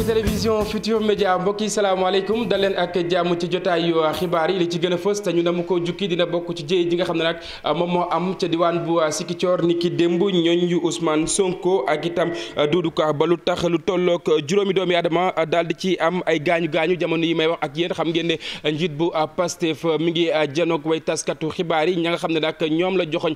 ci télévision Futur Média mbokk yi salaamaaleykum dal leen ak jàmm ci jotaayu xibaar yi li ci gën fës te ñu ne mu ko jukki dina bokk ci jéey ji nga xam ne nag uh, moom moo am ca diwaan bu Sikicoor uh, ni ki démb ñooñ yu Ousmane Sonko ak itam uh, ba lu tax lu tolloog juróomi doomi aadama daal di ci am ay gaañu gaañu jamono yi may wax ak yéen xam ngeen ne njiit bu Pastef mi ngi janok way taskatu xibaar yi ña nga xam ne nag ñoom la joxoñ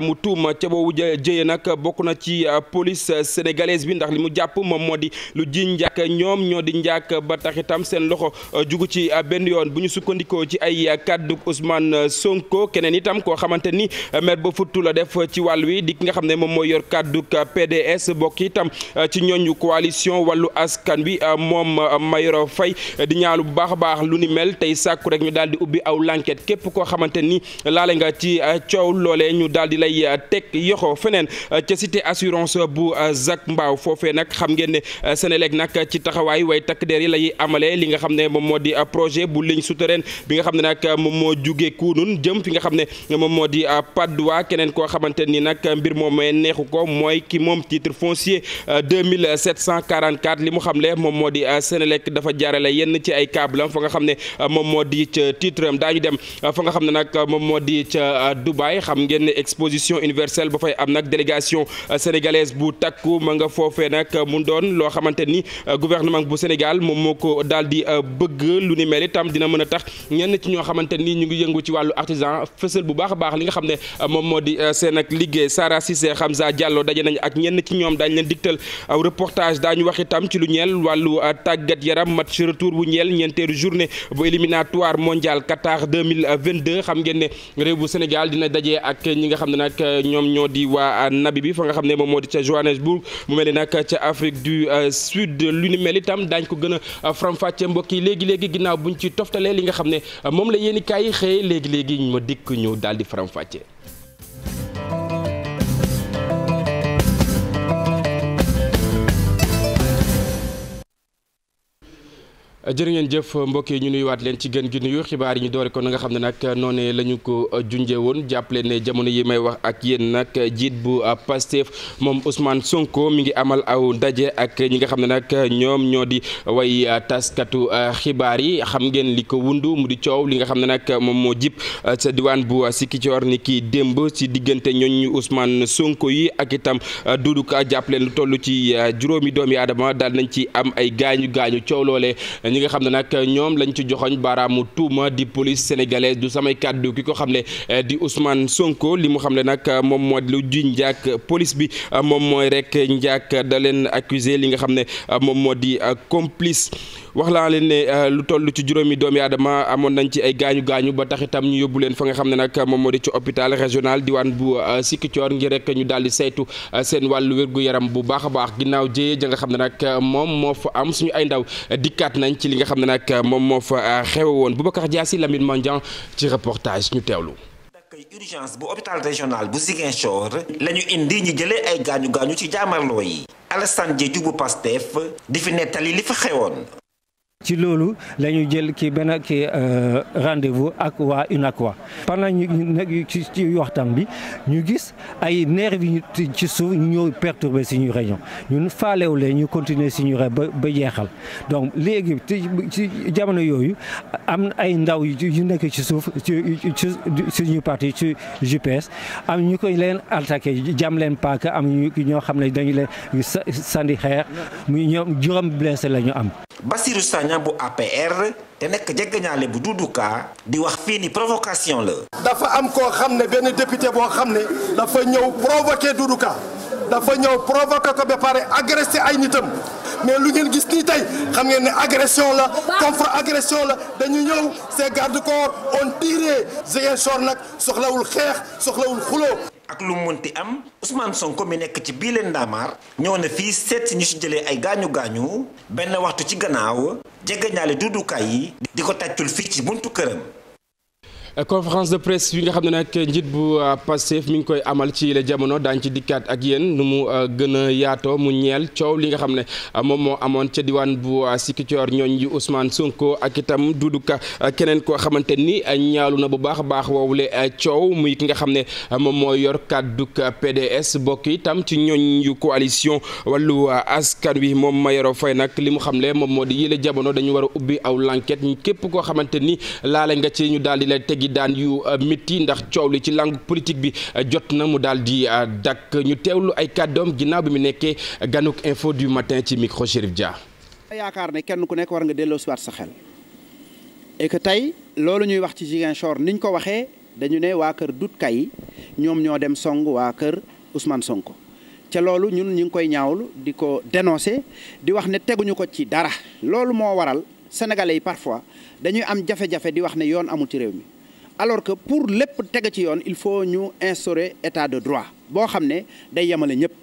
mu tuuma ca boobu jëye nag bokk na ci police sénégalaise bi ndax li mu jàpp moom moo di lu jiñ ñoom ñoo di njaak ba tax itam seen loxo euh, jugu ci euh, benn yoon bu ñu sukkandikoo ci ay euh, kàddu Ousmane Sonko keneen itam koo xamante ni maire ba futtu la def ci wàll wi di ki nga xam ne moom mooy yor kàddu PDS bokk itam ci ñooñu coalition wallu askan wi moom Mayoro Faye di ñaalu bu baax a baax lu ni mel tey sàkku rek ñu daal di ubbi aw lanket képp koo xamante ni laale nga ci coow loole ñu daal di lay teg yoxo feneen ca assurance bu Zac Mbao foofe nag xam ngeen ne Sénélec nag nag ci taxawaay way takk der yi lay amalee li nga xam ne moom moo di uh, projet bu ligne souterraine bi nga xam ne nag uh, moom moo jugee Kounoune jëm fi nga xam ne uh, moom moo di Patte d'Oie keneen koo xamante ni nag mbir moomee neexu ko mooy ki moom titre foncier 2744 li mu xamle moom moo di Sénélec dafa jaarale yenn ci ay câble fa nga xam ne moom moo di ca titre am daañu dem fa nga xam ne nag moom moo di ca Dubaï xam ngeen ne exposition universelle ba fay am nag délégation sénégalaise bu takku ma nga foofee nag mu doon loo xamante Euh, gouvernement bu Sénégal moom moo ko daal di euh, bëgg lu ni mel itam dina mën a tax ñenn ci ñoo xamante ni ñu ngi yëngu ci wàllu artisan fësal bu baax a baax li nga xam ne euh, moom moo di seen ak liggéey Sara Cissé Hamza Diallo daje nañ ak ñenn ci ñoom daañu leen digtal aw reportage daañu wax itam ci lu ñeel wàllu tàggat yaram match retour bu ñeel ñeenteelu journée bu éliminatoire mondial Qatar 2022 xam ngeen ne réew bu Sénégal dina daje ak ñi nga xam ne nag ñoom ño di waa nabi bi fa nga ne moom moo di ca lu ni mel itam daañ ko gën a euh, faram-fàccee mbokk yi léegi-léegi ginnaaw buñ ci toftalee li nga xam ne euh, moom la yéen i léegi-léegi ñu ma dikk ñu daal di fàccee jërë ngeen jëf mbokk yi ñu nuyuwaat leen ci gën gi nuyu xibaar yi ñu doore ko na nga xam ne nag noonee la ñu ko uh, junjee woon jàppale ne jamono yi may wax ak yéen nag uh, jiit bu uh, Pastef moom Ousmane Sonko mi ngi amal aw ndaje ak ñi nga xam ne nag ñoom ñoo di way taskatu xibaar yi xam ngeen li ko wundu mu di coow li nga xam ne nag moom moo jib sa diwaan bu Sikicoor ni kii démb si diggante ñooñu Ousmane Sonko yi ak itam Doudou jàppale lu toll ci juróomi doomi aadama daal nañ ci am ay gaañu gaañu coow ñi nga xam ne nag ñoom lañ ci joxoñ baaraamu tuuma di police sénégalaise du samay kàddu ki ko xam ne eh, di Ousmane Sonko li mu xam ne nag eh, moom moo lu ji njaak police bi eh, moom mooy rek njaak da leen accusé li nga xam ne moom moo di complice wax laa leen ne lu toll ci juróomi doomi aadama amoon nañ ci ay gaañu gaañu ba tax itam ñu yóbbu leen fa nga xam ne nag moom moo di ci hôpital régional diwaan bu Sikicoor ngir rek ñu daal di saytu seen wàllu wérgu yaram bu baax a baax ginnaaw jéyee ja xam ne nag moom moo am suñu ay ndaw dikkaat nañ ci li nga xam ne nag moom moo fa euh, xewe woon Boubacar Diassi Lamine Mandian ci reportage ñu teewlu. urgence bu hôpital régional bu Ziguinchor la ñu indi ñi jëlee ay gaañu gaañu ci jaamarloo yi Alassane Diédhiou bu Pastef di fi nettali li fa xewoon ci loolu la ñu jël ki benn ki euh, rendez-vous ak waa waa pendant ñu nag ci ci waxtaan bi ñu gis ay nerf yi ci suuf ñoo perturbé suñu réunion ñun faalewulee ñu continuer suñu re ba ba jeexal donc léegi ci jamono yooyu am ay ndaw yu nekk ci suuf ci ci suñu parti ci GPS am ñu koy leen attaqué jam leen paaka am ñoo xam ne dañu leen sandi xeer mu ñoom juróom blessé la ñu am Bassirou Sagna bu APR te nekk jéggañaale bu Doudou di wax fii ni provocation la. dafa am koo xam ne benn député boo xam ne dafa ñëw provoqué Doudou Ka dafa ñëw provoqué ko ba pare agressé ay nitam mais lu ngeen gis nii tey xam ngeen ne agression la contre agression la dañu ñëw ces garde corps ont nag soxlawul xeex soxlawul xuloo. ak lu ti am Ousmane ko mi nekk ci bii leen ndaamaar ñëw na fii seet ñu si jëlee ay gaañu gaañu benn waxtu ci gannaaw jege ñaale duudukaay yi di ko tàccul fii ci buntu këram. conférence de presse bi nga xam ne nag njiit bu euh, Pastef mi ngi koy amal ci la jamono daañu ci dikkaat ak yéen nu mu euh, gën a yaatoo mu ñeel coow li nga xam ne euh, moom moo amoon ca diwaan bu Sikicoor ñooñ ji Ousmane Sonko ak itam du Ka keneen koo xamante ni ñaalu na bu baax a baax woowule coow muy ki nga xam ne moom moo yor kàddug PDS bokk itam ci ñooñ yu coalition wàllu askan wi moom Mayoro Faye nag li mu xamle moom moo di yële jamono dañu war a ubbi aw l'enquête képp koo xamante tegi daan yu euh, métti ndax coow ci langue politique bi euh, jot na mu daal di euh, dakk ñu teewlu ay kàddoom ginnaaw bi mu nekkee ganuk info du matin ci micro yaakaar ne kenn ku nekk war nga delloo si waat sa xel que tey loolu ñuy wax ci Ziguinchor niñ ko waxee dañu ne waa kër Dut Kay ñoom ñoo dem song waa kër Ousmane Sonko ca loolu ñun ñu ngi koy ñaawlu di ko dénoncer di wax ne teguñu ko ci dara loolu moo waral sénégalais yi parfois dañuy am jafe-jafe di wax ne yoon amul ci réew mi. alors que pour lépp tege ci yoon il faut ñu instaurer état de droit boo xam ne day yemale ñëpp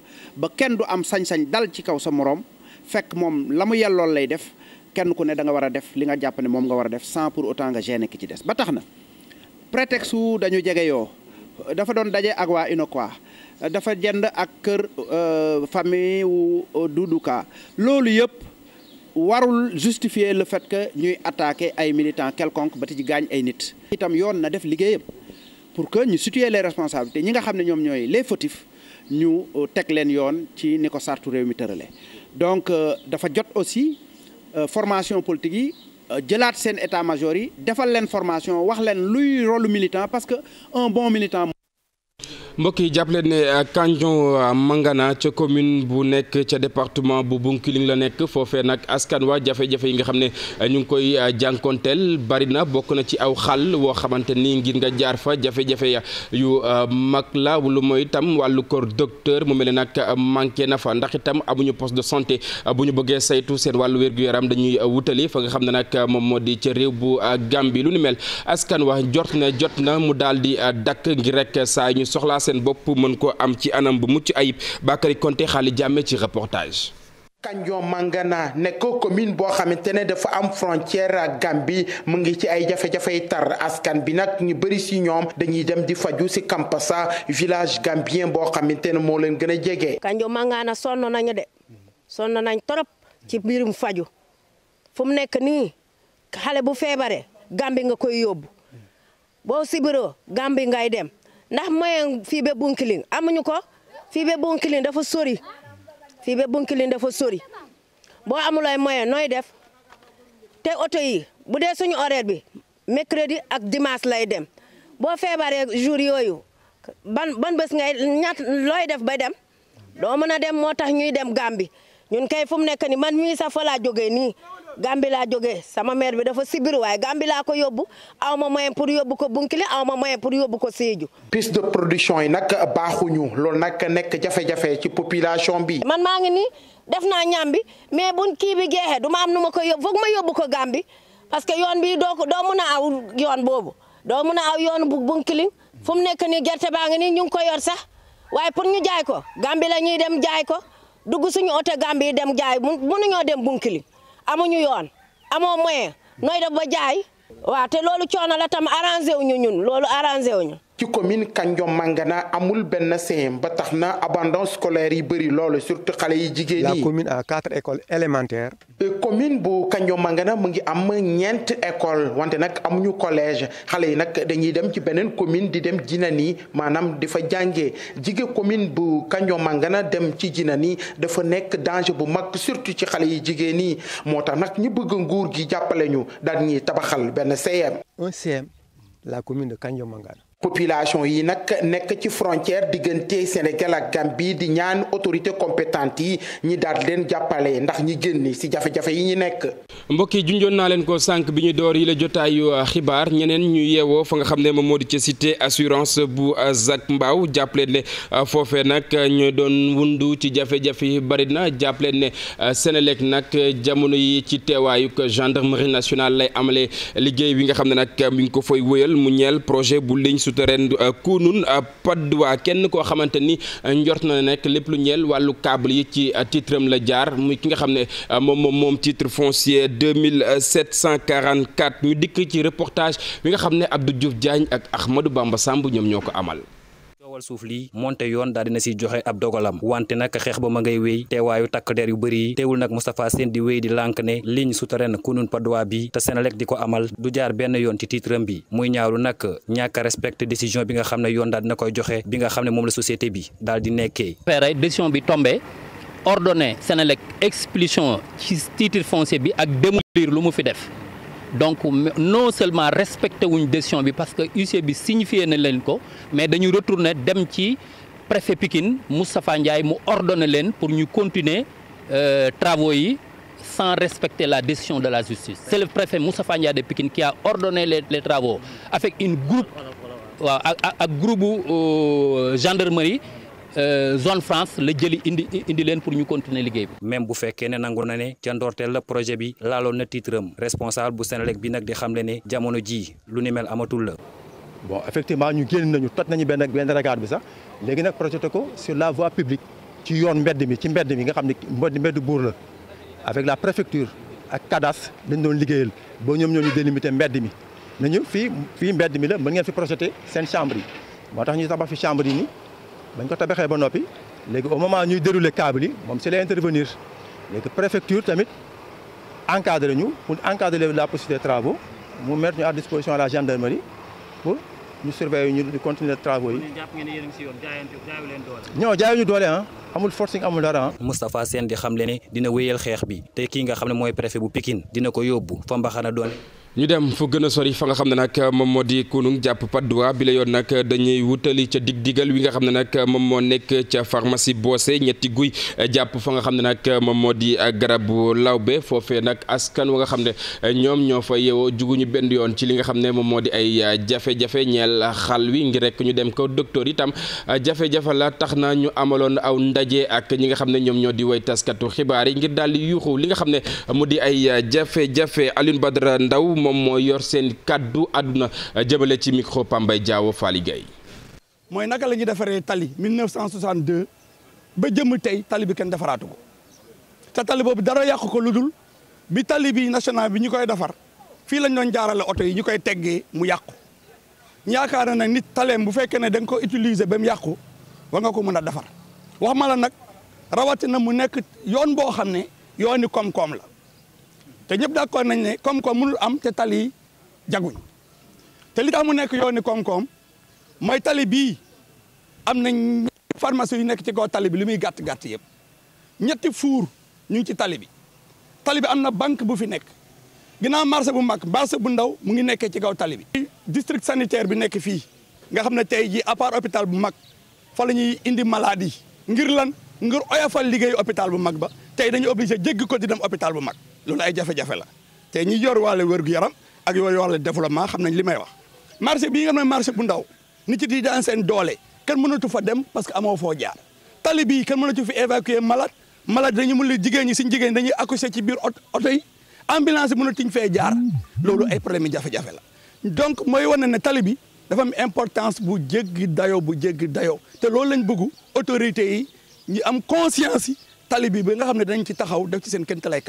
ba kenn du am sañ-sañ dal ci kaw sa moroom fekk moom la mu yellool lay def kenn ku ne da nga war a def li nga jàpp ne moom nga war a def sans pour autant nga gêner ki ci des ba tax na prétexte su dañu jege yoo dafa doon daje ak waa UNACOIS dafa jënd ak kër euh, famille wu euh, Doudou loolu yëpp. warul justifier le fait que ñuy attaquer ay militants quelconque ba ci gaañ ay nit. itam yoon na def liggéeyam pour que ñu situer les responsabilités ñi nga xam ne ñoom ñooy les fautifs ñu euh, teg leen yoon ci ni ko sartu réew mi tërale donc euh, dafa jot aussi euh, formation politique yi jëlaat seen état major yi defal leen formation wax leen luy rôle militant parce que un bon militant. mbokk yi jàpp leen ne euh, kanjon euh, Mangana ca commune bu nekk ca département bu Bunkiling la nekk foofe nag askan wa jafe-jafe yi nga xam ne euh, ñu ngi koy jànkonteel bari na bokk na ci aw xal woo xamante ni ngir nga jaar fa jafe-jafe ya yu mag la lu mooy itam wàllu corps docteur mu mel ne nag manqué na fa ndax itam amuñu poste de santé bu ñu bëggee saytu seen wàllu wér-gu-yaram dañuy wutali fa nga xam ne nag moom moo di ca réew bu Gambie lu ni mel askan wa jot na mu daal di seen bopp mën koo am ci anam bu mucc ayib Bakary Konte Xaali Jàmme ci reportage Kanjo Mangana nekk commune boo xamante ne dafa am frontière ak Gambie mu ngi ci ay jafe-jafey tar askan bi nag ñu bëri si ñoom dañuy dem di faju si Kampasa village gambien boo xamante ne moo leen gën a jege. Kanjo Mangana sonn nañu de sonn nañ trop ci mbirum faju fu mu nekk nii xale bu feebaree Gambie nga koy yóbbu boo sibiroo Gambie ngay dem ndax moyen fii ba am amuñu ko fii ba Bounkiling dafa sori fii ba Bounkiling dafa sori boo amulay moyen nooy def te oto yi bu dee suñu horaire bi mercredi ak dimanche lay dem boo feebaree jour yooyu ban ban bés ngay ñaat looy def bay dem doo mën a dem moo tax ñuy dem Gàmbi ñun kay fu mu nekk ni man mii sax fa nii Gàmbi laa jógee sama mère bi dafa sibir waaye Gàmbi laa ko yóbbu aw ma moyen pour yóbbu ko Bunkile aw ma moyen pour yóbbu ko Sédhiou. piste de production yi nag baaxuñu loolu nag nekk jafe-jafe ci population bi. man maa ngi ni def naa ñam bi mais buñ kii bi jeexee du ma am nu ma koy yóbbu foog ma yóbbu ko Gàmbi parce que yoon bi doo ko doo mun a aw yoon boobu doo mun a aw yoon bu Bunkile fu mu nekk nii gerte baa ngi nii ñu ngi ko yor sax waaye pour ñu jaay ko Gàmbi la ñuy dem jaay ko dugg suñu oto Gàmbi dem jaay mënuñoo dem Bunkile. amuñu yoon amoo moyen nooy def ba jaay waaw te loolu coono la tam arrangé wuñu ñun loolu arrangé wuñu ci commune Kandiom Mangana amul benn CEM ba tax na abandon scolaire yi bëri loolu surtout xale yi jigéen yi. la commune a quatre écoles élémentaires. Euh, commune bu Kandiom Mangana mu ngi am ñeent école wante nag amuñu collège xale yi nag dañuy dem ci beneen commune di dem jina nii maanaam di fa jàngee jige commune bu Kandiom Mangana dem ci Djinani dafa nekk danger bu mag surtout ci xale yi jigéen yi moo tax nag ñi bëgg nguur gi jàppale ñu daan ñuy tabaxal benn CEM. la commune de Kandiom population yi nag nekk ci frontière diggante Sénégal ak Gambie di ñaan autorité compétente yi ñi daal leen jàppale ndax ñi génn ci jafe-jafe yi ñu nekk. mbokk yi junjoon naa leen ko sànq bi ñu door yi la jotaayu uh, xibaar ñeneen ñu yeewoo fa nga xam ne moom moo di ci cité assurance bu uh, Zac mbaaw jàppale ne uh, foofee nag ñu doon wundu ci jafe-jafe yi bari na jàppale ne Sénélec nag jamono yi ci teewaayu gendarmerie nationale lay amale liggéey bi nga xam ne nag mi ngi ko fay wëyal souterraine euh, kunun euh, padduwaa kenn koo xamante ni euh, njort na nekk lépp lu ñeel wàllu câble yi ci titre am la jaar mu ki nga xam ne moom moom moom titre foncier 2744 ñu dikk ci reportage bi nga xam ne Abdou Diouf Diagne ak Ahmadou Bamba Samb ñoom ñoo ko amal coowal suuf lii ba ma ngay wéy bi te Senelec di ko amal bi a respecté décision bi nga xam ne yoon daal dina koy joxe bi nga xam moom la société bi daal di nekkee. décision bi tombé ordonné Senelec expulsion ci titre foncier bi ak démolir lu mu fi def. donc non seulement respecté wuñ décision bi parce que huissier bi signifié na leen ko mais dañu retourner dem ci préfet Pikine Moustapha Ndiaye mu ordonné leen pour ñu continuer euh, travaux yi sans respecter la décision de la justice c'est le préfet Moustapha Ndiaye de Pikine qui a ordonné les, les travaux avec une groupe waaw ak ak groupe euh, gendarmerie Euh, zone France la jëli indi indi leen pour ñu continuer liggéey bi. même bu fekkee ne nangu na ne ca ndorteel la projet bi laaloon na titre am responsable bu Senelec bi nag di xam ne jamono jii lu ni mel amatul la. bon effectivement ñu génn nañu toj nañu benn benn regard bi sax léegi nag projeté ko sur la voie publique ci yoon mbedd mi ci mbedd mi nga xam ne mbedd mbedd buur la avec la préfecture ak cadastre dañ doon liggéeyal ba ñoom ñoo ñu délimité mbedd mi nañu fii fii mbedd mi la mën ngeen fi projeté seen chambre yi moo tax ñu tabax fi chambre yi bañ ko tabaxee ba noppi léegi au moment ñuy dérouler câble yi moom si lay intervenir léegi préfecture tamit encadré ñu pour encadrer la possibilité travaux mu mettre ñu à disposition à la gendarmerie pour ñu surveiller ñu continuer travaux yi. ñoo jaayu ñu doole ah amul forcing amul dara ah. Moustapha Sène di xam leen dina wéyal xeex bi te kii nga xam ne mooy préfet bu pikin dina ko yóbbu fa mbaxana doon. ñu dem fu gën a sori fa nga xam ne nag moom moo di kunung jàpp padduwa bi la yoon nag dañuy wutali ca dig digal wi nga xam ne nag moom moo nekk ca pharmacie boose ñetti guy jàpp fa nga xam ne nag moom moo di garabu lawbe foofee nag askan wa nga xam ne ñoom ñoo fa yeewoo juguñu benn yoon ci li nga xam ne moom moo di ay jafe-jafe ñeel xal wi ngir rek ñu dem ko docteur itam jafe-jafe la tax na ñu amaloon aw ndaje ak ñi nga xam ne ñoom ñoo di way taskatu xibaar yi ngir daal di yuuxu li nga xam ne mu di ay jafe-jafe Alioune Badara Ndaw moom moo yor seen kaddu àdduna eh, jëmale ci micro Pambay jaawo Fally Gueye mooy naka la ñu defaree tali 1962 ba jëmm tey tali bi kenn defaraatu ko te tali boobu dara yàqu ko lu dul bi tali bi national bi ñu koy defar fii lañ doon jaarale oto yi ñu koy teggee mu yàqu yaakaar na nag nit taleem bu fekkee ne da nga ko utiliser ba mu yàqu war nga ko mën a defar wax ma la nag rawatina mu nekk yoon boo xam ne yooni koom-koom la te ñëpp d'accord nañ ne koom-koom mënul am te tali jaguñ te li tax mu nekk yooni koom-koom mooy tali bii am nañ pharmacie yu nekk ci kaw tali bi li muy gàtt gàtt yëpp ñetti fuur ñu ngi ci tali bi tali bi am na banque bu fi nekk ginnaaw marché bu mag marché bu ndaw mu ngi nekkee ci kaw tali bi. district sanitaire bi nekk fii nga xam ne tey jii à hopital bu mag fa la ñuy indi maladie ngir lan ngir oyofal liggéey hôpital bu mag ba tey dañu obligé jéggi ko di dem hôpital bu mag. loolu ay jafe-jafe la te ñi yor wàllu wér yaram ak yooyu wàllu développement xam nañ li may wax marché bii nga xam ne marché bu ndaw nit yi di daan seen doole kenn mënatu fa dem parce que amoo foo jaar tali bii kenn mënatu fi évacuer malade malade dañu mun la jigéen ñi suñ jigéen dañu accoucher ci biir oto yi ambulance bi mënatuñ fee jaar loolu ay problème yi jafe-jafe la donc mooy wane ne tali bi dafa am importance bu jéggi dayoo bu jéggi dayoo te loolu lañ bëgg autorités yi ñu am conscience yi tali bi ba nga xam ne dañ ci taxaw def ci seen kenn lay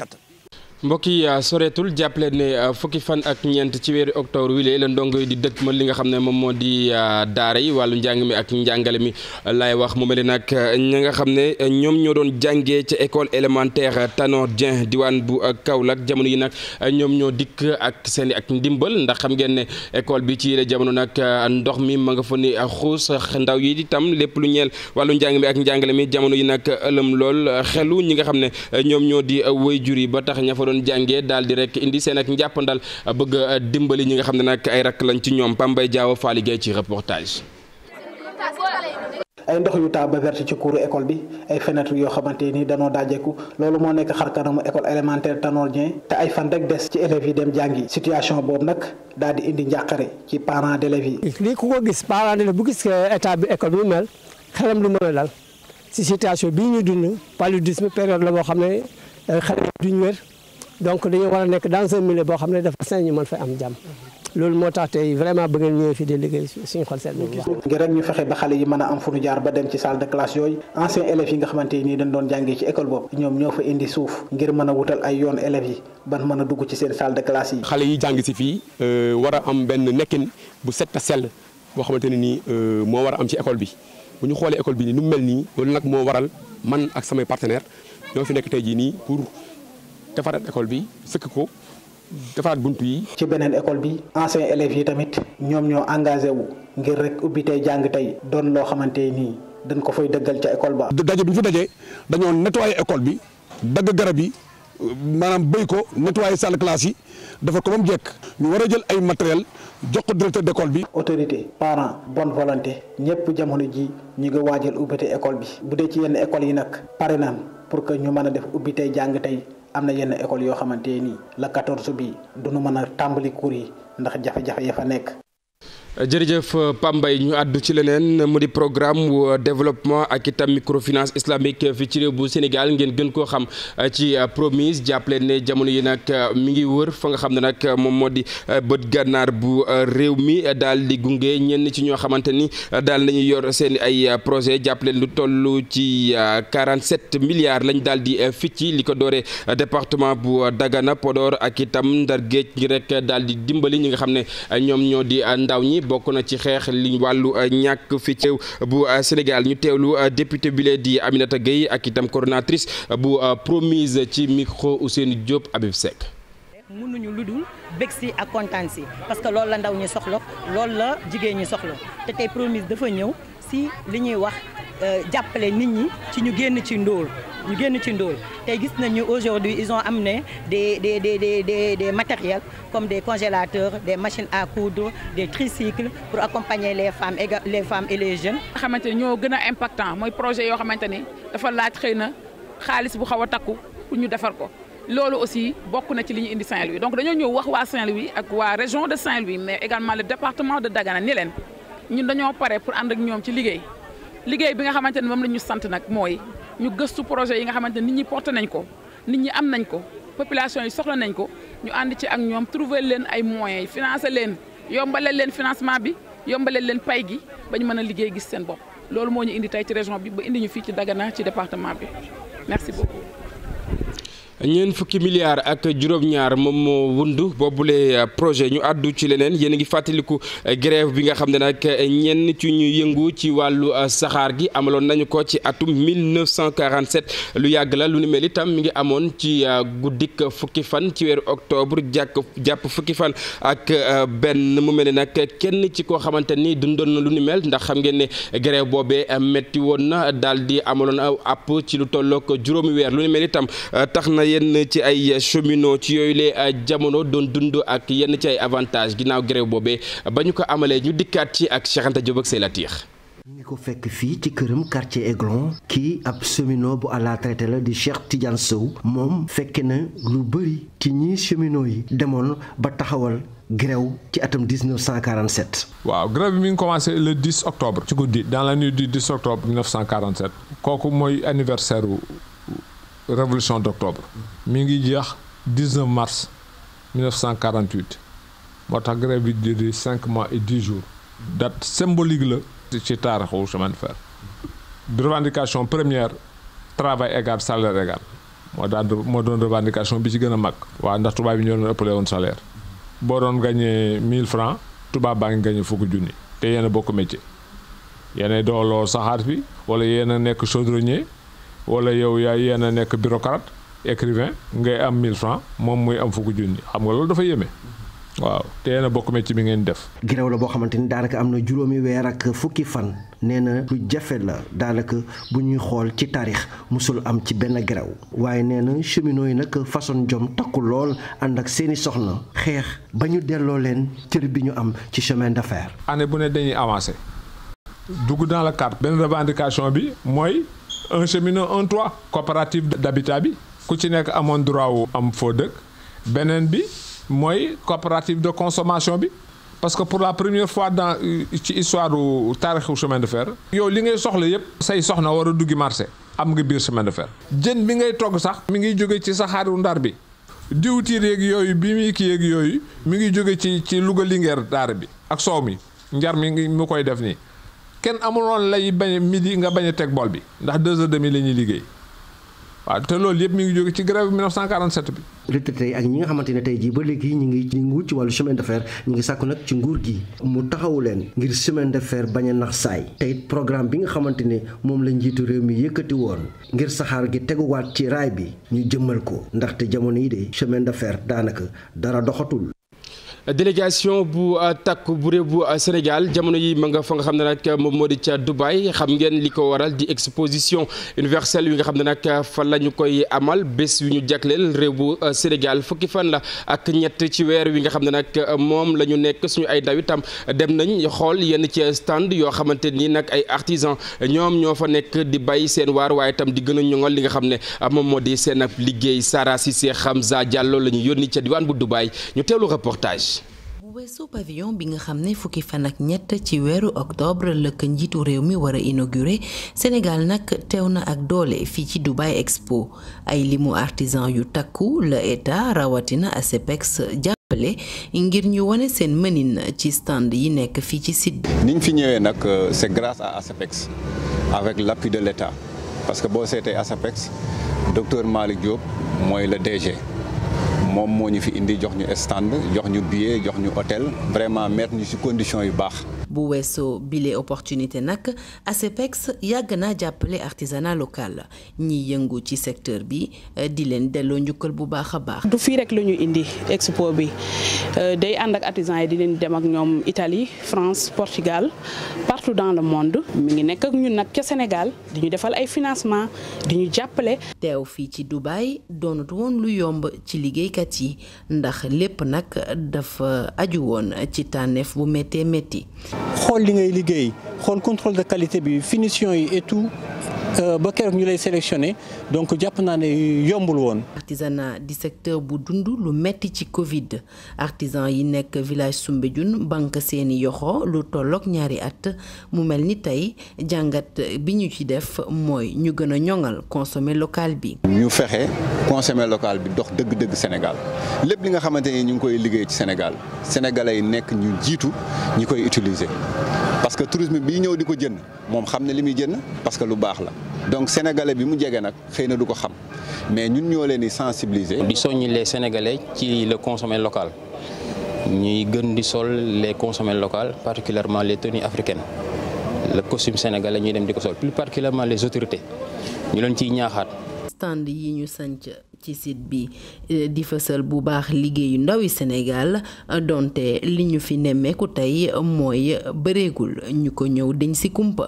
mbokk yi euh, soreetul jàppale ne euh, fukki fan ak ñeent ci weeru octobre wile la ndongo yi di dëkk ma li nga xam ne moom moo di euh, daara yi wàllu njàng mi ak njàngale mi laay wax mu mel ni nag ñi nga xam ne ñoom ñoo doon jàngee ca école élémentaire Tanor Dieng diwaan bu Kaolack jamono yi nag ñoom ñoo dikk ak seen ak ndimbal ndax xam ngeen ne école bi ci jamono nag ndox mi ma nga fa ni xuus ndaw yi itam lépp lu ñeel wàllu njàng mi ak njàngale mi jamono yi nag ëlëm lool xelu ñi nga xam ne ñoom ñoo di wëy jur yi ba tax ña fa doon jàngee daal di rek indi seen ak njàppandal uh, bëgg uh, dimbali ñi nga xam ne nag ay rakk lañ ci ñoom Pambay Diaw Faly Gueye ci ndox yu taa ba ci kuuru école bi ay fenêtre yoo xamante ni danoo daajeeku loolu moo nekk xar kanamu école élémentaire Tanor Dieng te ay fan rek des ci élèves yi dem jàngi situation boobu nag daal di indi njàqare ci parents d'élèves yi. lii ku ko gis parents d'élèves bu gis état bi école bi mel xelam lu mën a dal ci situation bii ñu dund paludisme période la boo xam ne euh, xale duñ wér. donc dañoo war a nekk dans un milieu boo xam ne dafa sañ ñu mën fay am jàmm loolu moo tax tey vraiment bëgg ngeen ñëwee fii di liggéey suñu xol seet nañu wax ngir ñu fexe ba xale yi mën a am fu ñu jaar ba dem ci salle de classe yooyu anciens élèves yi nga xamante ni dañ doon jàngee ci école boobu ñoom ñoo fa indi suuf ngir mën a wutal ay yoon élèves yi ban mën a dugg ci seen salle de classe yi xale yi jàng si fii euh, war a am benn nekkin bu set a sell boo xamante ne nii euh, moo war a am ci école bi bu ñu xoolee école bi ni mu mel nii loolu nag moo waral man ak samay partenaire ñoo fi nekk tey jii nii pour defaraat école bi sëkk ko defaraat bunt yi. ci beneen école bi anciens élèves yi tamit ñoom ñoo engagé wu ngir rek ubbi tey jàng tey doon loo xamante nii dañ ko fay dëggal ca école ba. daje bi ñu fi dajee dañoo nettoyé école bi dagg garab yi maanaam béy ko nettoyé salle classe yi dafa ko ba mu jekk. ñu war a jël ay matériel jox ko directeur d' bi. autorité parents bon volonté ñëpp jamono ji ñu ngi waajal ubbite école bi bu dee ci yenn école yi nag pare naan pour que ñu mën a def ubbi tey jàng am na yenn école yoo xamante nii la 14 bi du nu mën a tàmbali cours yi ndax jafe-jafe ya fa nekk. jërëjëf euh, Pambay ñu àddu ci leneen mu di programme wu euh, développement ak itam microfinance islamique fi ci réew bu Sénégal ngeen gën koo xam euh, ci promise jàppale ne jamono yi nag mi ngi wër fa nga xam ne nag moom moo di bët gànnaar bu réew mi daal di gunge ñenn ci ñoo xamante ni daal nañu yor seen ay projet jàppale lu toll ci 47 milliards lañ daal di ci li ko dooree département bu Dagana Podor ak itam Ndar Géej ngi rek daal di dimbali ñi nga xam ne ñoom ñoo di ndaw ñi. bokk na ci xeex li wàllu euh, ñàkk fi ci bu euh, Sénégal ñu teewlu euh, député bi lee di Aminata Gueye ak itam coordonnatrice bu promise ci micro Ousseynou Diop Habib Seck. mënuñu lu dul bég si ak kontaan si parce que loolu la ndaw ñi soxla loolu la jigéen ñi soxla te tey promise dafa ñëw si li ñuy wax jàppale nit ñi ci ñu génn ci ndóol. ñu génn ci ndóol te gis nañu aujourd'hui ils ont amené des des des des des des matériels comme des congélateurs des machines à coudre des tricycles pour accompagner les femmes et les femmes et les jeunes. nga ñoo gën a impactant mooy projet yoo xamante ni dafa laaj xëy na xaalis bu xaw a takku pour ñu defar ko. loolu aussi bokk na ci li ñu indi Saint-Louis donc dañoo ñëw wax waa Saint-Louis ak waa région de saint mais également le département de Dagana ni leen ñun dañoo pare pour ànd ak ñoom ci liggéey liggéey bi nga xamante ne moom la ñu sant nag mooy. ñu gëstu projet yi nga xamante nit ñi porté nañ ko nit ñi am nañ ko population yi soxla nañ ko ñu ànd ci ak ñoom trouver leen ay moyens yi financer leen yombalal leen financement bi yombalal leen pay gi ba ñu mën a liggéey gis seen bopp loolu moo ñu indi tey ci région bi ba indi ñu fii ci Dagana ci département bi merci beaucoup ñeent fukki milliards ak juróom-ñaar moom moo wund boobule euh, projet ñu àddu ci leneen yéen a ngi fàttaliku euh, grève bi nga xam ne nag euh, ñenn ci ñu yëngu ci wàllu saxaar gi amaloon nañu ko ci atum 1947 lu yàgg la lu ni mel itam mi ngi amoon ci guddik fukki fan ci weeru octobre jàkk jàpp fukki fan ak benn mu mel ne nag kenn ci koo xamante ni dundoon na lu ni mel ndax xam ngeen ne grève boobee metti woon na daal di amaloon app ci lu tollook juróomi weer lu ni mel itam tax yenn ci ay cheminots ci yooyu lee euh, jamono doon dund ak yenn ci ay avantages ginnaaw grève boobee ba ñu ko amalee ñu dikkaat ci ak Cheikh Anta Diop ak Sey Latiir ñu ko fekk fii ci këram quartier Aiglon kii ab cheminot bu à la traité la di Cheikh Tidiane Sow moom fekke na lu bëri ci ñii cheminot yi demoon ba taxawal grève ci atam 1947. waaw grève bi mi ngi commencé le 10 octobre. ci guddi dans la nuit du 10 octobre 1947 kooku mooy anniversaire wu révolution d'octobre mi ngi jeex 19 mars 1948 moo tax grève bi di 5 mois et 10 jours date symbolique la ci taarixu chemin de fer revendication première travail égal salaire égal moo daan moo doon revendication bi ci gën a mag waa ndax tubaab yi ñoo doon ëppale woon salaire boo doon gagné mille francs tubaab baa ngi gagné fukki junni te yéen a bokk métier yéen a dooloo saxaar bi wala yéen a nekk chaudronnier wala yow yaa yéen a nekk bureaucrate écrivain ngay am 1000 francs moom muy am fukki junni xam nga loolu dafa yéeme. waaw te yéen a bokk métier bi ngeen def. grève la boo xamante ni daanaka am na juróomi weer ak fukki fan nee na lu jafe la daanaka bu ñuy xool ci taarix mosul am ci benn grève waaye nee na cheminots yi nag façon jom takku lool ànd ak seeni soxna xeex ba ñu delloo leen cër bi ñu am ci chemin de fer. année bu ne dañuy avancer. dugg dans le benn revendication bi mooy un cheminot un toit coopérative d'habitat bi ku ci nekk amoon droit wu am foo dëkk beneen bi mooy coopérative de consommation bi parce que pour la première fois dans euh, ci histoire u taarixu chemin de fer yow li ngay soxla yépp say soxna war a duggi marché am ngi biir semaine de fer jën mi ngay togg sax mi ngi jóge ci saxaaru ndar bi diwtiir yeeg yooyu bi muy kii yeeg yooyu mi ngi jóge ci ci Louga Linguère daara bi ak soow mi njar mi mu koy def nii kenn amuloon lay bañ midi nga bañ a teg bool bi ndax deux demi la ñuy liggéey waaw te loolu yëpp mi ngi jóge ci grève 1947 bi. retraité yi ak ñi nga xamante ne tey jii ba léegi ñu ngi ñu ngi wut ci wàllu chemin de fer ñu ngi sàkku nag ci nguur gi mu taxawu leen ngir chemin de fer bañ a nax saay tey programme bi nga xamante ne moom la njiitu réew mi yëkkati woon ngir saxaar gi teguwaat ci raay bi ñu jëmal ko ndaxte jamono yi de chemin de fer daanaka dara doxatul. délégation bu euh, takk bu réew bu euh, Sénégal jamono yi ma nga fa nga xam ne nag moom moo di ca Dubaï xam ngeen li ko waral di exposition universelle yi nga xam ne nag euh, fa la ñu koy amal bés yu ñu jagleel réew bu Sénégal fukki fan la ak ñett ci weer wi nga xam ne nag moom la ñu nekk suñu ay ndaw itam dem nañ xool yenn ci stand yoo xamante ni nag ay artisan ñoom ñoo fa nekk di bay seen waar waaye itam di gën a ñoŋal li nga xam ne moom moo di seen ab liggéey Sara Cissé Hamza Diallo la ñu yónni ca diwaan bu Dubaï ñu teewlu reportage bu weesu pavillon bi nga xam ne fukki fan ak ñett ci weeru octobre la ko njiitu réew mi war a inauguré Sénégal nag teew na ak doole fii ci Dubai Expo ay limu artisan yu takku la état rawatina ASEPEX jàppale ngir ñu wane seen mënin ci stand yi nekk fii ci site bi. niñ fi ñëwee nag euh, c'est grâce à ASEPEX avec l'appui de l'état parce que boo seetee ASEPEX docteur Malick Diop mooy le DG. moom moo ñu fi indi jox ñu stand jox ñu billet jox ñu hôtel vraiment mettre ñu ci condition yu baax bu weesoo bile opportunité nag ASEPEX yàgg naa jàppale artisanat local ñiy yëngu ci secteur bi eh, di leen delloo njukkal bu baax a baax. du fii rek la ñu indi expo bi eh, day ànd ak artisans yi di leen dem ak ñoom Italie France Portugal partout dans le monde mi ngi nekk ak ñun nag ca Sénégal di ñu defal ay financement di ñu jàppale. teew fii ci Dubaï doonut woon lu yomb ci liggéeykat yi ndax lépp nag dafa aju woon ci tànneef bu méttee métti. xool li ngay liggéey xool contrôle de qualité bi finition yi et tout euh, ba keroog ñu lay sélectionné donc jàpp naa ne yombul woon. artisanat di secteur bu dund lu metti ci Covid artisan yi nekk village Soumbédioune banque seeni yoxo lu tolloog ñaari at mu mel ni tey jàngat bi ñu ci def mooy ñu gën a ñoŋal consommer locale bi. ñu fexe consommer local bi dox dëgg-dëgg Sénégal lépp li nga xamante ni ñu ngi koy liggéey ci Sénégal sénégal yi nekk ñu jiitu ñi koy utiliser. parce que tourisme bi ñëw di ko jënd moom xam ne li muy jënd parce que lu baax la donc sénégalais bi mu jege nag xëy na du ko xam mais ñun ñoo leen di sensibiliser. di soññ les sénégalais ci le consommé local ñuy gën di sol les consommé local particulièrement les tenues africaines le costume sénégalais ñuy dem di ko sol plus particulièrement les autorités ñu leen ciy ñaaxaat. stand yi ñu sanc ci site bi eh, di fësal bu baax liggéeyu ndawi Sénégal donte li ñu fi nemmeeku tey mooy bëreegul ñu ko ñëw dañ si kumpa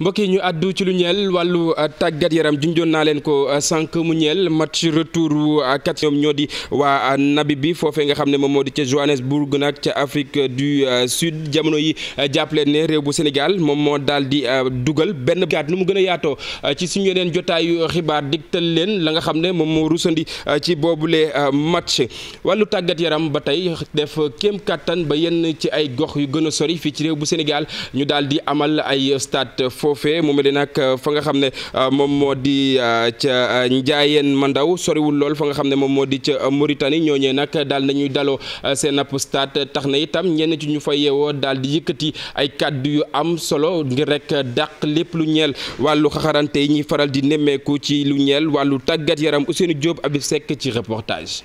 mbokk yi ñu àddu ci lu ñeel wàllu euh, tàggat yaram junjoon naa leen ko euh, sànq mu ñeel match retour wu euh, kat ñoom ñoo di waa nabi bi foofee nga xam ne moom moo di ca Johannesburg nag ca Afrique du Sud jamono yi jàppale leen ne réew bu Sénégal moom moo daal di dugal benn gat nu mu gën a yaatoo ci suñu yeneen jotaayu xibaar digtal leen la nga xam ne moom moo rusandi ci boobule match wàllu tàggat yaram ba tey def kéem kàttan ba yenn ci ay gox yu gën a sori fii ci réew bu Sénégal ñu daal di amal ay stade ca foofee mu mel ni nag euh, fa nga xam ne euh, moom moo di euh, ca Njaayeen Mandaw soriwul lool fa nga xam ne moom moo di ca Mauritanie ñooñee nag daal nañuy daloo seen ab stade tax na itam ñenn ci ñu fa yeewoo daal di yëkkati ay kàddu yu am solo ngir rek dàq lépp lu ñeel wàllu xaxarante yi ñuy faral di nemmeeku ci lu ñeel wàllu tàggat yaram Ousseynou Diop Habib Seck ci reportage.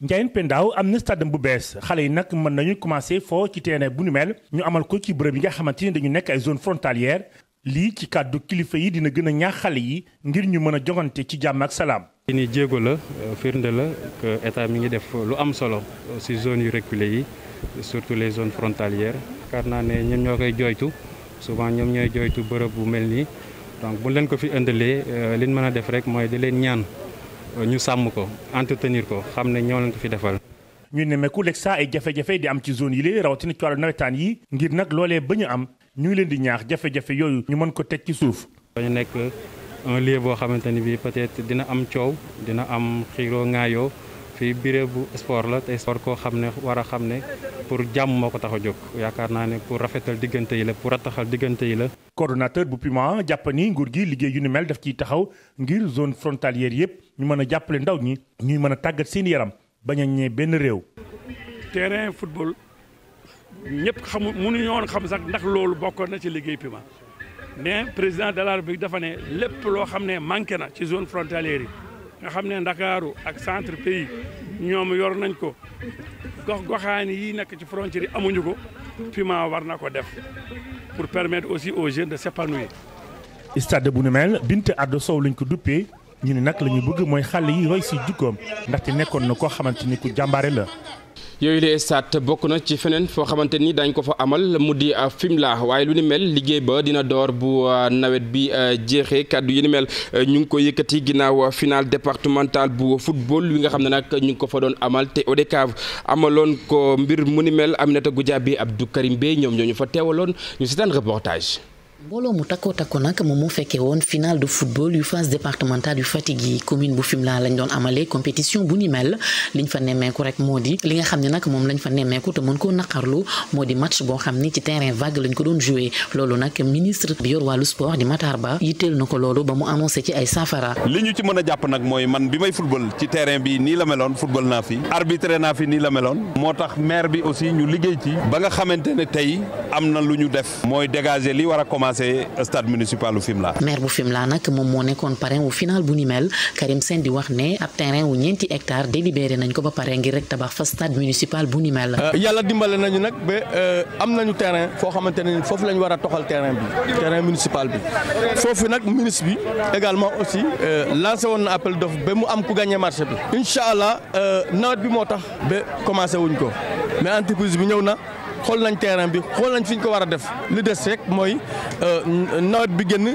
Ndiayène Pendaaw am na stade bu bees xale yi nag mën nañu commencé foo ci terrain bu nu mel ñu amal ko ci bërëb yi nga xamante ni dañu nekk ay zone frontalière lii ci kàddu kilifa yi dina gën a ñaax xale yi ngir ñu mën a jongante ci jàmm ak salaam. lii ni jéego la firnde la que état mi ngi def lu am solo si zone yu reculé yi surtout les zones frontalières yaakaar naa ne ñoom ñoo koy jooytu souvent ñoom ñooy jooytu bërëb bu mel nii donc bu leen ko fi ëndalee euh, li ñu mën a def rek mooy di leen ñaan. ñu sàmm ko entretenir ko xam ne ñoo leen ko fi defal. ñu ne meeku leeg saa ay jafe-jafe di am ci zone yi lée rawatina ci nawetaan yi ngir nag loolee ba ñu am ñu ngi leen di ñaax jafe yooyu ñu mën ko teg ci suuf dañu nekk un lieu boo xamante ni bi peut-être dina am coow dina am xiiroo ŋaayoo fii biré bu sport la tey sport koo xam ne war a xam ne pour jàmm moo ko tax a jóg yaakaar naa ne pour rafetal diggante yi la pour rattaxal diggante yi la coordonnateur bu PUMA jàpp ni nguur gi liggéey yu ni mel def ciy taxaw ngir zone frontalière yépp ñu mën a jàppale ndaw ñi ñuy mën a tàggat seen yaram bañ a ñee benn réew. terrain football ñëpp xamu mënuñu woon xam sax ndax loolu bokkoon na ci liggéey PUMA mais président de la République dafa ne lépp loo xam ne manqué na ci zone frontalière yi nga xam ne Ndakaaru ak centre pays ñoom yor nañ ko gox goxaan yii nekk ci frontière yi amuñu ko PUMA war na ko def pour permettre aussi aux jeunes de s'épanouir. stade bu nu mel Binta Addo Sow lañ ko duppee. ñu ne nag la ñu bëgg mooy xale yi roy si jukkoom ndaxte nekkoon na koo xamante ni ku jàmbaare la. yooyu la stade bokk na ci feneen foo xamante ni dañ ko fa amal mu di laa waaye lu ni mel liggéey ba dina door bu euh, nawet bi euh, jeexee kàddu yi ni mel euh, ñu ngi ko yëkkati ginnaaw final départemental bu football wi nga xam ne nag ñu ngi ko fa doon amal te ODCAV amaloon ko mbir mu ni mel Aminata Goudiaby Abdou Karim Bey ñoom ñoo ñu fa teewaloon ñu seetaan reportage. mbooloo mu takkoo takko nag moom moo fekkee woon final de football yu phase départementale yu Fatick yi commune bu Fimela lañ doon amalee compétition bu ni mel liñ fa nemmeeku rek moo di match boo xam ni ci terrain vague lañ ko doon joué loolu nag ministre bi yor sport di Matar Ba yitteel na ko loolu ba mu annoncé ci ay saafara. li ñu ci mën a jàpp nag mooy man bi may football ci terrain bi nii la meloon football naa fi arbitré naa fi nii la commencé stade municipal bu Fimela. maire bu moom moo nekkoon parrain wu final bu ni Karim Sène di wax ne ab terrain wu ñeenti hectare délibéré nañ ko ba pare ngir rek tabax fa stade municipal bu ni mel. Euh, yàlla dimbale nañu nag ba euh, am nañu terrain foo xamante ne foofu lañu war a toxal terrain bi terrain municipal bi foofu nag ministre bi également aussi euh, lancé woon na appel d'offre ba mu am ku gagné marché bi incha allah nawet bi moo tax ba commencé wuñ ko mais entreprise bi ñëw xool nañ terrain bi xool nañ fi ñu ko war a def li des rek mooy euh, nawet bi génn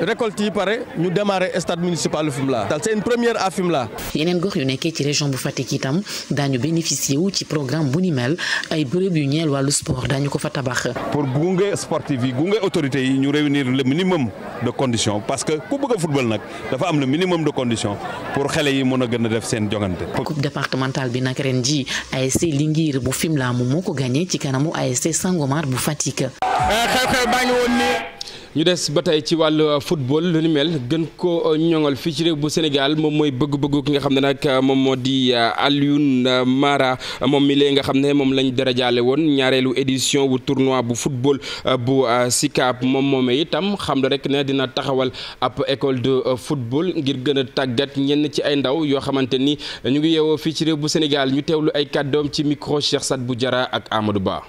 récolte yi pare ñu démarrer stade municipal Fimela daal c'est une première à Fimela. yeneen gox yu nekkee ci région bu Fatick itam daañu bénéficier wu ci programme bu ni mel ay bërëb yu ñeel wàllu sport daañu ko fa tabax. pour gunge sportif yi gunge autorités yi ñu réunir le minimum de conditions parce que ku bëgg a football nag dafa am le minimum de conditions pour xale yi mën a gën a def seen jongante. coupe départementale bi nag ren ji ASC Linguère bu Fimela moom moo ko gagné ci kanamu ASC Sangomar bu Fatick. Eh, xew-xew baa ngi ñu des ba tey ci wàll euh, football lu ni mel gën ko euh, ñoŋal fii ci réew bu Sénégal moom mooy bëgg-bëggu ki nga xam ne nag euh, moom moo di Alioune Mara moom mi lee nga xam ne moom lañ darajaale woon ñaareelu édition bu tournoi bu football bu SICAP moom moome itam xam la rek ne dina taxawal ab école de football ngir gën a tàggat ñenn ci ay ndaw yoo xamante ni ñu ngi yeewoo fii ci réew bu Sénégal ñu teewlu ay kàddoom ci micro Cheikh Sat bu Jara ak Amadou Ba.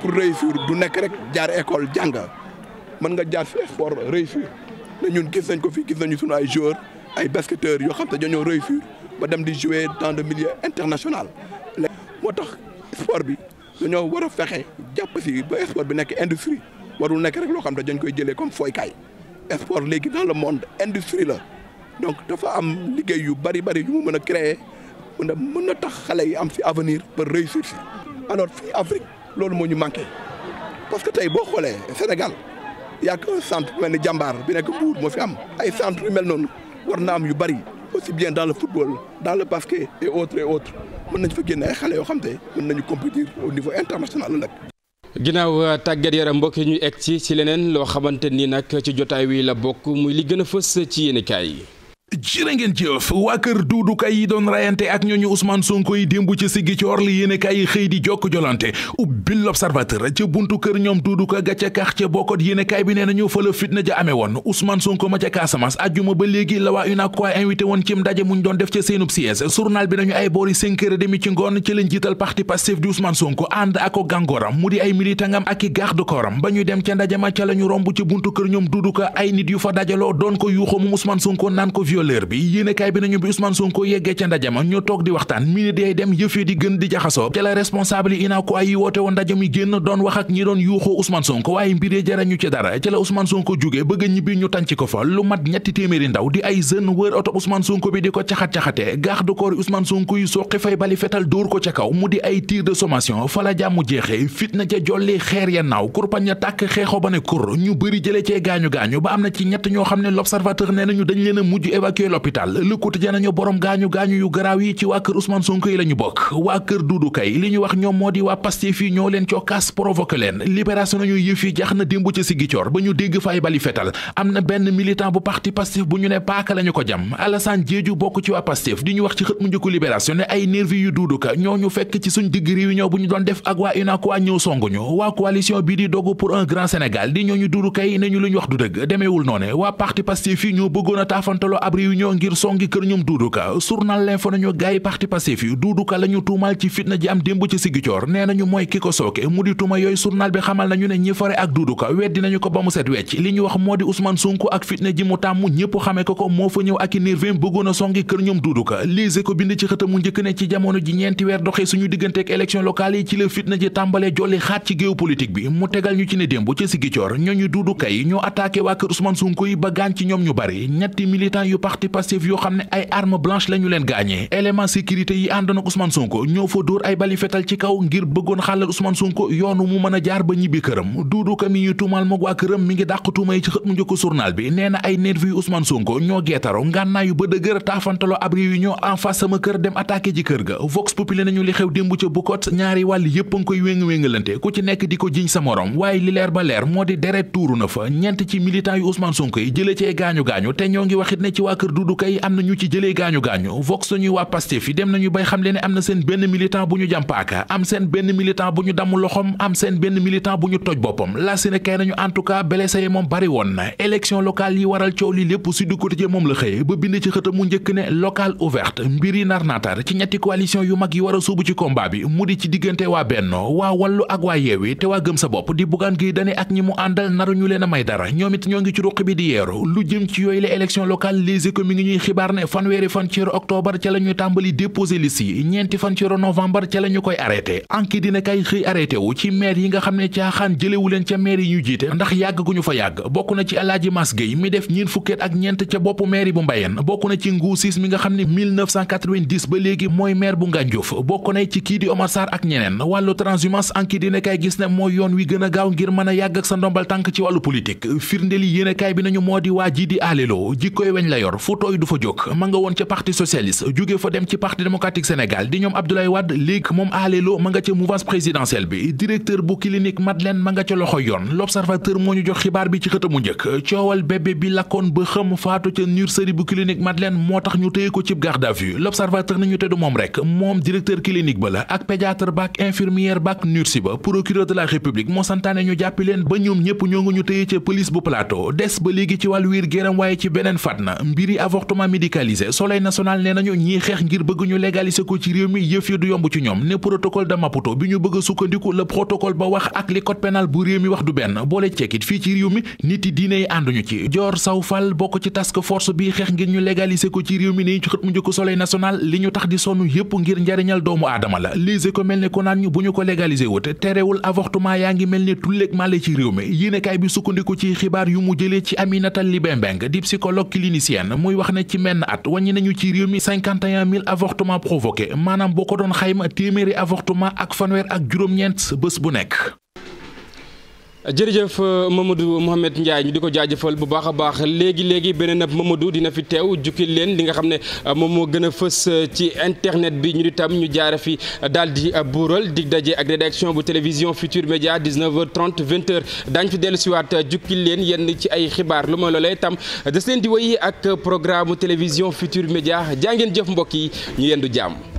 pour réussir du nekk rek jaar école jàng mën nga jaar fi sport réussir ne ñun gis nañ ko fii gis nañu suñu ay joueurs ay basketteurs yoo xam te dañoo réussir ba dem di jouer dans le international international. moo tax sport bi dañoo war a fexe jàpp si ba sport bi nekk industrie warul nekk rek loo xam te dañ koy jëlee comme fooykaay sport léegi dans le monde industrie la donc dafa am liggéey yu bari bari yu mu mën a créer mën a a tax xale yi am si avenir ba réussir si alors fii loolu moo ñu manqué parce que tey boo xoolee Sénégal y a qu'un bu mel ni jàmbaar bi nekk Mbour moo fi am ay centre yu mel noonu war na am yu bari aussi bien dans le football dans le basket et autres et autres mën nañu fa génne ay xale yoo xam te mën nañu compétir au niveau international nag ginnaaw euh, tàggat yaram mbokk yi ñu egg ci ci leneen loo xamante ni nag ci jotaay wi la bokk muy li gën a fës ci yéenekaay yi jërë ngeen jëf waa kër Doudou Ka yi doon rayante ak ñooñu Ousmane Sonko yi démb ci siggi coor li yéene yi xëy di jokk jolante ubbi l'observateur ca buntu kër ñoom Doudou Ka ga ca kax ca bokkot yéene kaay bi nee nañu fa la fitna doon def ca seenub siège journal bi nañu ay boori cinq heures demi ci ngoon ci mu di ay militangam ak i ba ñuy dem ca ndaje ma ca la ñu romb ci buntu kër ñoom Doudou Ka ay nit yu fa dajaloo doon ko yuuxoo moom Ousmane naan ko violeur bi yéenekaay bi nañu bi Ousmane Sonko yeggee ca ndajama ñu toog di waxtaan mine day dem yëfee di gën di jaxasoo ca la responsable yi inaa ko ay yi woote lu mat ñetti téeméeri ndaw di ay jeune wër oto Ousmane Sonko bi di ko caxat-caxatee garde corps Ousmane Sonko yi soqi fay bali fetal dóor ko ca kaw mu di ay tir de sommation fa la jàmm jeexee fitna ca jolli xeer ya naaw kurpañ ya tàkk xeexoo ba ne kur ñu bëri jëlee cee gaañu gaañu ba am na ci ñett ñoo xam ne l'observateur nee nañu dañ leen a mujj évacué l'hôpital le quotidien nañu borom gaañu gaañu yu garaaw yi ci waa kër Ousmane Sonko yi la ñu bokk waa kër Doudou li ñu wax ñoom moo di waa Pastef yi ñoo leen taafantaloo ab réunion nee nañu mooy ki ko sooke mu di tuuma yooyu journal bi xamal nañu ne ñi ak Doudou Ka ko ba mu set wecc li ñu wax moo di Ousmane Sonko ak fitna ji mu tàmm ñëpp xamee ko ko moo fa ñëw ak i nervem bëggoon songi kër ñoom Doudou Ka ko bind ci xëtamu njëkk ne ci jamono ji ñeenti weer doxee suñu digganteek élection locale yi ci la fitna ji tàmbalee jolli xaat ci géopolitique bi mu tegal ñu ci ne démb ci Sigicoor ñooñu Doudou yi ñoo attaqué parti Pastef yoo xam ne ay arme blanche la leen gaañee élément sécurité yi àndoon ak Ousmane Sonko ñoo fa mu mën a jaar ba ñibbi këram Doudou Ka mi ñu tuumal moog waa këram mi ngi dàq tuuma ci xët mu njëkk journal bi nee na ay nervi yu Ousmane Sonko ñoo geetaro ngànnaayu ba dëgër taafantaloo ab réunion en face sama kër dem attaqué ji kër ga Vox Populi nañu li xew démb ca Bukot ñaari wàll yépp a ngi koy wéng wéngalante ku ci nekk di ko jiñ sa morom kër Doudou Kay am na ñu ci jëlee gaañu gaañu vox suñuy waa Pastef fi dem nañu bay xam le am na seen benn militant bu ñu jàmpaaka am seen benn militant bu ñu damm loxom am seen benn militant bu ñu toj boppam la kay nañu en tout cas moom bari woon na élection locale yi waral coow li lépp Sud Quotidien moom la xëy ba bind ci xëtam mu njëkk ne locale ouverte mbir yi nar naatar ci ñetti coalition yu mag yi war a sóobu ci combat bi mu di ci may dara ñoom it ñoo ngi ci ruq bi di Les Échos mi ngi ñuy xibaar ne fanweeri fan ci ca la ñu tàmbali déposé liste yi ñeenti fan ci ca la ñu koy arrêté anki dina kay xëy arrêté wu ci maire yi nga xam ne caaxaan jëlewu leen ca maire yi ñu jiite ndax yàgg gu ñu fa yàgg bokk na ci Alaaji Mas Gueye mi def ñeen fukkeet ak ñeent ca bopp maire bu Mbayeen bokk na ci Nguu Siis mi nga xam ne 1990 ba léegi mooy maire bu Ngànjof bokk na ci kii di Omar Sarr ak ñeneen wàllu transhumance anki dina kay gis ne mooy yoon wi gën a gaaw ngir mën a yàgg ak sa ndombal tànk ci wàllu politique firndeli yéen a kaay moo di waa ji di aaleloo jikkoy weñ la yor Senghor fu tooy du fa jóg ma nga woon ca parti socialiste jóge fa dem ci parti démocratique Sénégal di ñoom Abdoulaye Wade léegi moom aalelo ma nga ca mouvance présidentielle bi directeur bu clinique Madeleine ma nga ca loxo yoon l'observateur moo ñu jox xibaar bi ci xët mu njëkk coowal bébé bi lakkoon ba xam faatu ca nurserie bu clinique Madeleine moo tax ñu téye ko ci garde à vue l'observateur nañu te du moom rek moom directeur clinique ba la ak pédiatre ba leen ba ñoom ñëpp ñoo ngi ñu téye ca police bu mbiri avortement médicalisé soleil national nee nañu ñiy xeex ngir bëgg ñu légaliser ko ci réew mi yëf yi du yomb ci ñoom ne protocole de Maputo bi ñu bëgg a sukkandiku le protocole ba wax ak li code bu réew mi wax du benn boole cekkit fii ci réew mi nit yi diine yi ànduñu ci joor Sow Fall bokk ci task force bi xeex ngir ñu légaliser ko ci réew mi ne ci xët national li ñu tax di sonn yëpp ngir njariñal doomu aadama la lise ko mel ne ko naan ñu bu ñu ko légaliser wut terewul avortement yaa ngi mel ne tulleeg màlle ci réew mi bi sukkandiku ci xibaar yu mu jëlee ci Aminata Libembeng di psychologue clinicienne Kane muy wax ne ci menn at wàññi nañu ci réew mi 51 000 avortements provoqués maanaam boo ko doon xayma téeméeri avortement ak fanweer ak juróom-ñeent bés bu nekk jërëjëf euh, Mamadou Mohamed Ndiaye ñu di ko jaajëfal bu baax a baax léegi léegi beneen ab Mamadou dina fi teew jukki leen li nga xam ne euh, moom moo gën a fës euh, ci internet bi ñu di tam ñu jaare fi daal di buural dig daje ak rédaction bu télévision Futur Média 19h30 20h daañu fi dellu siwaat jukki leen yenn ci ay xibaar lu ma loolee tam des leen di wéy ak programme télévision Futur Média jaa ngeen jëf mbokk yi ñu yendu jàmm.